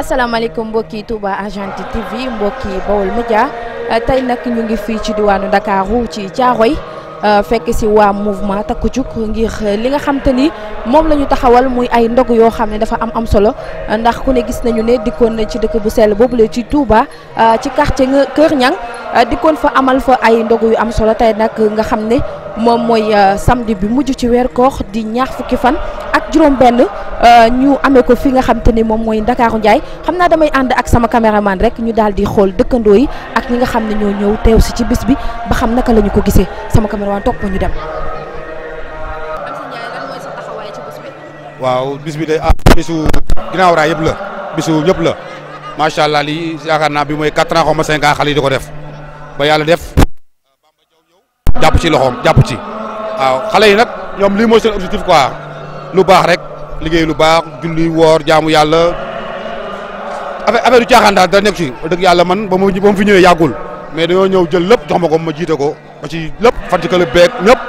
asalaamaaleykum mbokki Touba Argentine TV mbokki Baol Média euh, tey nag ñu ngi fii ci diwaanu Ndakaaru ci Caaroy euh, fekk si waa mouvement takku jug ngir euh, li nga xam ni moom lañu taxawal muy ay ndog yoo xam ne dafa am am solo ndax ku ne gis nañu ne dikkoon ci dëkk bu sell boobule ci Touba ci quartier Kër Ñang dikkoon fa amal fa ay ndog yu am solo tey nag nga xam ne moom mooy samedi bi mujj ci weer koox di ñaar fukki fan ak juróom benn Euh, ñu amee ko fi nga xam te ni moom mooy Ndakaaru Njaay xam naa damay ànd ak sama caméraman rek ñu daal di xool dëkkandoo yi ak ñi nga xam ne ñoo ñëw teew si ci bis bi ba xam naka la ñu ko gisee sama caméraman topp ñu dem. waaw bis bi day ah bisu ginnaaw raay yëpp la bisu ñëpp la macha allah lii yaakaar naa bi mooy quatre ans xaw ma cinq xale yi di ko def ba yàlla def jàpp ci loxoom jàpp ci waaw xale yi nag ñoom lii mooy seen objectif quoi lu baax rek. liggéey lu baax julli woor jaamu yàlla affaire affaire yu caaxaan daal da nekk ci dëgg yàlla man ba ma fi ñëwee yàggul mais dañoo ñëw jël lépp jox ma ko ma jiite ko ba ci lépp fan ci club beeg ñëpp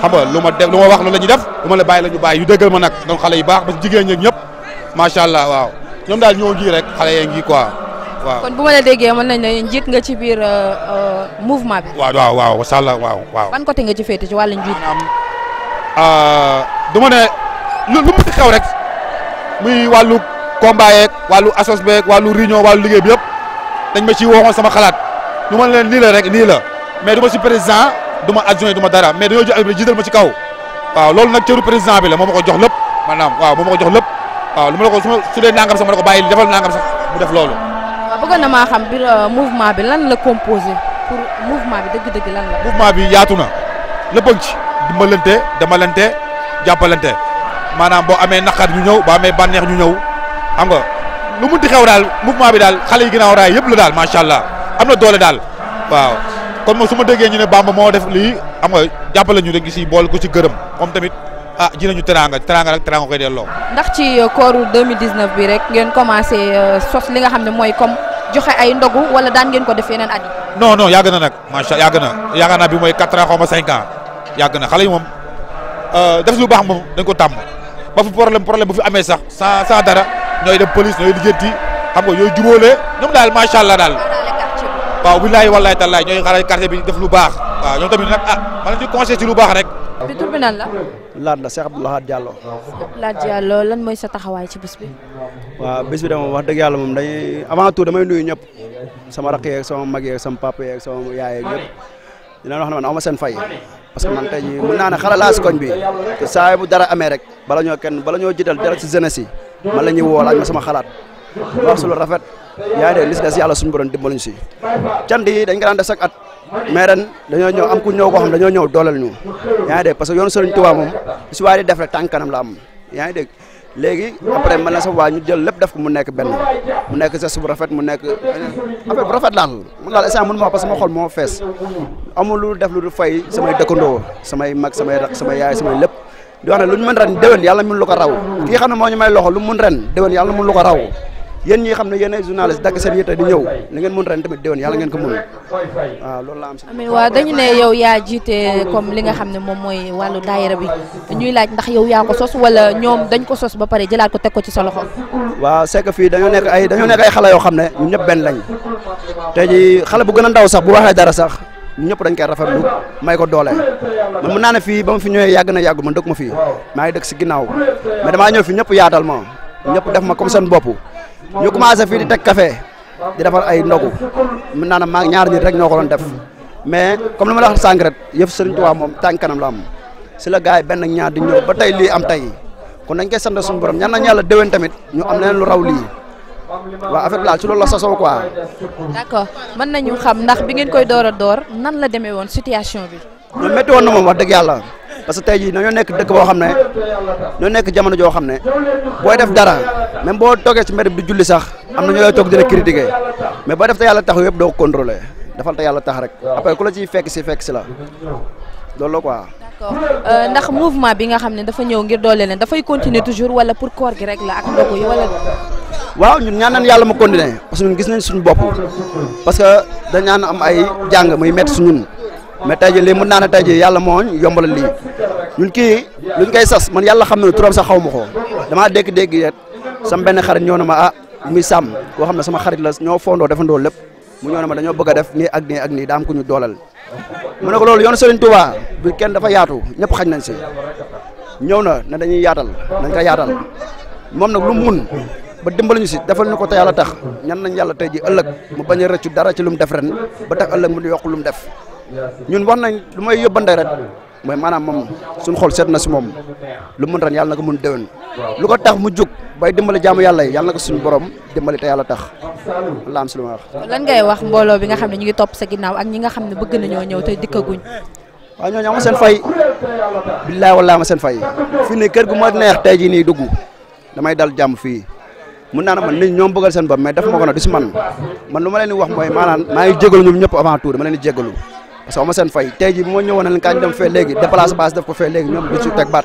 xam lu ma def lu ma wax loolu la ñuy def lu ma la bàyyi la ñu bàyyi yu dëggal ma nag donc xale yu baax ba ci jigéen ñi ñëpp macha allah waaw ñoom daal ñoo ngi rek xale yaa ngi quoi waaw. kon bu ma la déggee mën ne njiit nga ci biir euh, euh, mouvement bi. waaw waaw waaw macha allah waaw waaw. ban côté nga ci féete ci wàllu njiit. Euh, lu lu mu di xew rek muy wàllu combat yeeg wàllu assos beeg wàllu réunion wàllu liggéey bi yëpp dañ ma ci waxoon sama xalaat ñu mën leen nii la rek nii la mais du ma si président du ma adjoint du ma dara mais dañoo jël arbitre jiital ma ci kaw waaw loolu nag président bi la moo ma ko jox lépp maanaam waaw moo ma ko jox lépp waaw lu ma la ko su dee nangam sax ma la ko bàyyi defal nangam sax mu def loolu. waaw bëggoon na maa xam bi euh, mouvement bi lan la composé pour mouvement bi dëgg-dëgg lan la. mouvement bi yaatu na lépp a ngi ci jàppalante. maanaam boo amee naqar ñu ñëw boo amee bànneex ñu ñëw xam nga lu mu di xew daal maa bi daal xale yi ginnaaw raay yëpp la daal macha allah am na doole daal waaw kon moom su ma déggee ñu ne baam ba moo def lii am nga jàppale ñu rek si bool ko ci gërëm moom tamit ah ji nañu teraanga teraanga rek teraanga koy delloo. ndax ci euh, kooru 2019 bi rek ngeen commencé euh, sos li nga xam ne mooy comme joxe ay ndogu wala daan ngeen ko def yeneen at yi. yàgg na nag macha yàgg na yaakaar naa bi mooy 4 ans xaw ma yàgg na xale yi moom euh, def lu baax moom dañ ko tàmm. ba fi problème problème bu fi amee sax sans sans dara ñooy dem police ñooy liggéenti xam nga ñooy jubóolee ñoom daal macha allah daal waaw billaahi wallaahi tallaahi ñooy xaaral quartier bi def lu baax waaw ñoom tamit nag ah ma leen di conseil lu baax rek. bi tur la. Laat la Cheikh Abdoulaye Diallo. Laat Diallo lan mooy sa taxawaay ci bés bi. waaw bés dama wax dëgg yàlla moom dañuy avant tout ñëpp sama rakk yeeg sama mag yeeg sama papa yeeg sama yaay ñëpp dinañ ne man aw ma seen fay. parce que man tey jii mën naa ne xale laa si koñ bi te saa bu dara amee rek bala ñoo kenn bala ñoo jiital dara si jeunesse yi man la ñuy woo laaj ma sama xalaat wax su lu rafet yaa ngi dégg li si des yàlla suñu borom dimbaluñ si. cant yi dañ ko daan def chaque at mais ren dañoo ñëw am ku ñëw koo xam dañoo ñëw dooleel ñu yaa ngi dégg parce que yoonu Sëriñ Tuubaa moom su waay def rek tànk kanam la am yaa ngi dégg léegi après man la sa waa ñu jël lépp def ko mu nekk benn mu nekk geste bu rafet mu nekk affaire bu rafet laal mu laal instant mënu ma wax parce que sama xol moo fees amul lu def lu dul fay samay dëkkandoo samay mag samay rak samay yaay samay lépp di wax ne lu ñu mën ren déwén yàlla mun lu ko raw kii xam ne moo ñu may loxo lu mun ren déwén yàlla mun lu ko raw yéen ñi xam ne yéen ay journaliste dakk seen yitte di ñëw li ngeen mën ren tamit déwén yàlla ngeen ko mën waaw loolu la am si mais waaw dañu ne yow yaa jiite comme li nga xam ne moom mooy wàllu daayira bi ñuy laaj ndax yow yaa ko sos wala ñoom dañ ko sos ba pare jëlaat ko teg ko ci sa loxo waaw c'est fii dañoo nekk ay dañoo ay xale yoo xam ne ñun ñëpp benn lañ te ji xale bu gën a ndaw sax bu waxee dara sax ñu ñëpp dañ koy rafetlu may ko doole man mën naa ne fii ba ma fi ñëwee yàgg na yàggul man dëkk ma fii maa ngi dëkk si ginnaaw mais ñëw fi ñëpp yaatal ñëpp def ma comme seen bopp ñu commencé fii di teg kafe di defar ay ndogu mën naa ne maa ñaar nit rek ñoo ko doon def mais comme li ma la wax sànq moom tànk kanam la si la gars yi benn ñaar di ñëw ba tey lii am tey kon dañ koy sant suñu borom ñaan nañu yàlla déwén tamit ñu am leneen lu raw lii waaw affaire bi daal ci loolu la sasoo quoi. mën nañu xam ndax bi ngeen koy door door nan la demee woon situation bi. ñu métti woon na moom wax dëgg yàlla. parce que tey jii dañoo nekk dëkk boo xam ne ñoo nekk jamono joo xam ne boo def dara même boo toogee ci mbedd bi julli sax am na ñu lay toog dina critiquer mais boo def te yàlla tax yëpp doo ko contrôler dafal te yàlla tax rek après ku la ciy fekk si fekk si la loolu la quoi. d'accord euh, ndax mouvement bi nga xam ne dafa ñëw ngir doole leen dafay continuer toujours wala pour koor gi rek la ak ndogu yi waaw ñaan nañu yàlla mu continuer parce que ñun gis nañ suñu bopp parce que dañ am ay jàng muy métti suñu. mais tey jii lii mën naa ne tey yàlla moo yombalal lii ñun kii ñu koy sas man yàlla xam na ne turam sax xaw ma ko damaa dégg-dégg yet sam benn xarit ñëw na ma ah muy sàmm koo xam ne sama xarit la ñoo fondoo defandoo lépp mu ñëw na ma dañoo bëgg a def nii ak nii ak nii daa ku ñu doolal mu ne ko loolu yoonu Serigne Touba bi kenn dafa yaatu ñëpp xañ nañ si ñëw na ne dañuy yaatal dañ ko yaatal moom nag lu mu mun ba dimbali ñu si defal ñu ko te yàlla tax ñan nañ yàlla tey ji ëllëg mu bañ a rëccu dara ci lu mu def ren ba tax ëllëg mu yokk lu mu def ñun wax nañ lu may yëbbante rek mooy maanaam moom suñu xol seet na si moom lu mën ren yàlla na ko mun déwén lu ko tax mu jug bay dimbali jaamu yàlla yi yàlla na ko suñu borom dimbali te yàlla tax la am si lu ma wax. lan ngay mbooloo bi nga xam ne ñu ngi topp sa ginnaaw ak ñi nga xam ne bëgg nañoo ñëw te dikkaguñ. waaw ñooñu ama seen fay billaay walaay ama seen fay fii nii kër gu ma neex tey jii nii dugg damay dal jàmm fii mun naa ne man nit ñoom bëggal seen bopp ma ko leen wax mooy maanaam maa ngi jégalu ñoom ñëpp avant tout dama leen jégalu parce que ama seen fay tey jii bu ma ñëwoon leen kañ dem fee léegi déplacé base def ko fee léegi ñoom du ci teg baat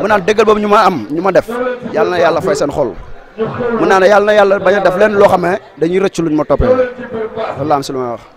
mu naan dëggal boobu ñu ma am ñu ma def yàlla na yàlla fay seen xol mun naa ne yàlla na yàlla bañ a def leen loo xam ne dañuy rëcc luñ ma toppee loolu lu may wax